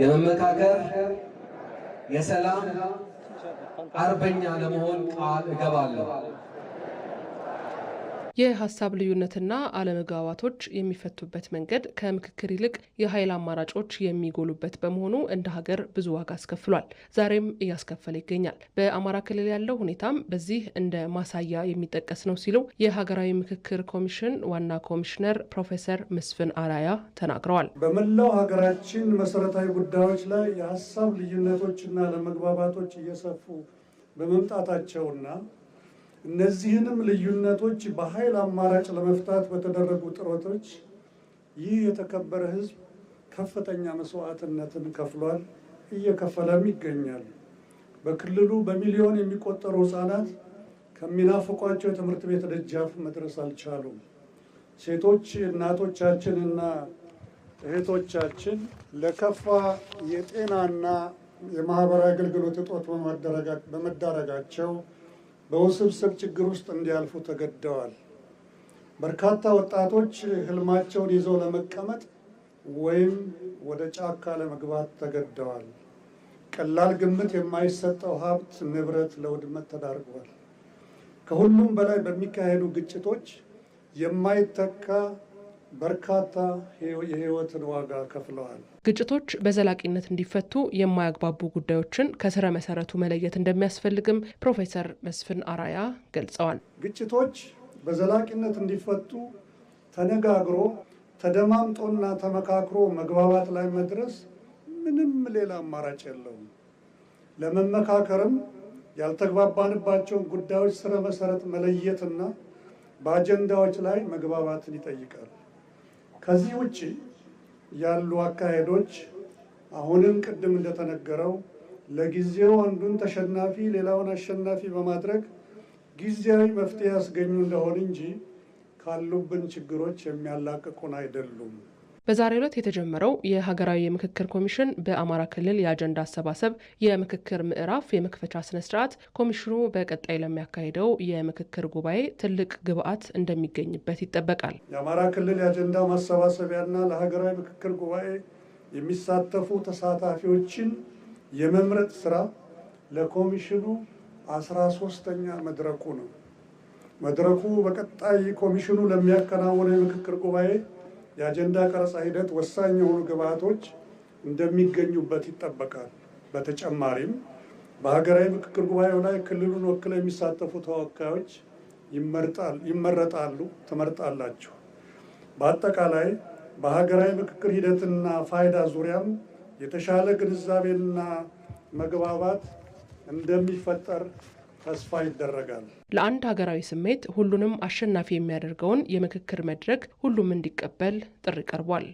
የመመካከር የሰላም አርበኛ ለመሆን ቃል እገባለሁ። የሀሳብ ልዩነትና አለመግባባቶች የሚፈቱበት መንገድ ከምክክር ይልቅ የኃይል አማራጮች የሚጎሉበት በመሆኑ እንደ ሀገር ብዙ ዋጋ አስከፍሏል፣ ዛሬም እያስከፈለ ይገኛል። በአማራ ክልል ያለው ሁኔታም በዚህ እንደ ማሳያ የሚጠቀስ ነው ሲሉ የሀገራዊ ምክክር ኮሚሽን ዋና ኮሚሽነር ፕሮፌሰር መስፍን አራያ ተናግረዋል። በመላው ሀገራችን መሰረታዊ ጉዳዮች ላይ የሀሳብ ልዩነቶችና አለመግባባቶች እየሰፉ በመምጣታቸውና እነዚህንም ልዩነቶች በኃይል አማራጭ ለመፍታት በተደረጉ ጥረቶች ይህ የተከበረ ህዝብ ከፍተኛ መስዋዕትነትን ከፍሏል፣ እየከፈለም ይገኛል። በክልሉ በሚሊዮን የሚቆጠሩ ህፃናት ከሚናፍቋቸው የትምህርት ቤት ደጃፍ መድረስ አልቻሉም። ሴቶች እናቶቻችንና እህቶቻችን ለከፋ የጤናና የማህበራዊ አገልግሎት እጦት በመዳረጋቸው በውስብስብ ችግር ውስጥ እንዲያልፉ ተገደዋል። በርካታ ወጣቶች ህልማቸውን ይዘው ለመቀመጥ ወይም ወደ ጫካ ለመግባት ተገደዋል። ቀላል ግምት የማይሰጠው ሀብት ንብረት ለውድመት ተዳርጓል። ከሁሉም በላይ በሚካሄዱ ግጭቶች የማይተካ በርካታ የህይወትን ዋጋ ከፍለዋል። ግጭቶች በዘላቂነት እንዲፈቱ የማያግባቡ ጉዳዮችን ከስረ መሰረቱ መለየት እንደሚያስፈልግም ፕሮፌሰር መስፍን አራያ ገልጸዋል። ግጭቶች በዘላቂነት እንዲፈቱ ተነጋግሮ ተደማምጦና ተመካክሮ መግባባት ላይ መድረስ ምንም ሌላ አማራጭ የለውም። ለመመካከርም ያልተግባባንባቸውን ጉዳዮች ስረ መሰረት መለየትና በአጀንዳዎች ላይ መግባባትን ይጠይቃል። ከዚህ ውጭ ያሉ አካሄዶች አሁንም ቅድም እንደተነገረው ለጊዜው አንዱን ተሸናፊ ሌላውን አሸናፊ በማድረግ ጊዜያዊ መፍትሄ ያስገኙ እንደሆን እንጂ ካሉብን ችግሮች የሚያላቅቁን አይደሉም። በዛሬ ዕለት የተጀመረው የሀገራዊ የምክክር ኮሚሽን በአማራ ክልል የአጀንዳ አሰባሰብ የምክክር ምዕራፍ የመክፈቻ ስነስርዓት ኮሚሽኑ በቀጣይ ለሚያካሄደው የምክክር ጉባኤ ትልቅ ግብዓት እንደሚገኝበት ይጠበቃል። የአማራ ክልል የአጀንዳ ማሰባሰቢያና ለሀገራዊ ምክክር ጉባኤ የሚሳተፉ ተሳታፊዎችን የመምረጥ ስራ ለኮሚሽኑ አስራ ሶስተኛ መድረኩ ነው። መድረኩ በቀጣይ ኮሚሽኑ ለሚያከናውነው የምክክር ጉባኤ የአጀንዳ ቀረጻ ሂደት ወሳኝ የሆኑ ግብዓቶች እንደሚገኙበት ይጠበቃል። በተጨማሪም በሀገራዊ ምክክር ጉባኤው ላይ ክልሉን ወክለው የሚሳተፉ ተወካዮች ይመረጣሉ፣ ትመርጣላችሁ። በአጠቃላይ በሀገራዊ ምክክር ሂደትና ፋይዳ ዙሪያም የተሻለ ግንዛቤና መግባባት እንደሚፈጠር ተስፋ ይደረጋል። ለአንድ ሀገራዊ ስሜት ሁሉንም አሸናፊ የሚያደርገውን የምክክር መድረክ ሁሉም እንዲቀበል ጥሪ ቀርቧል።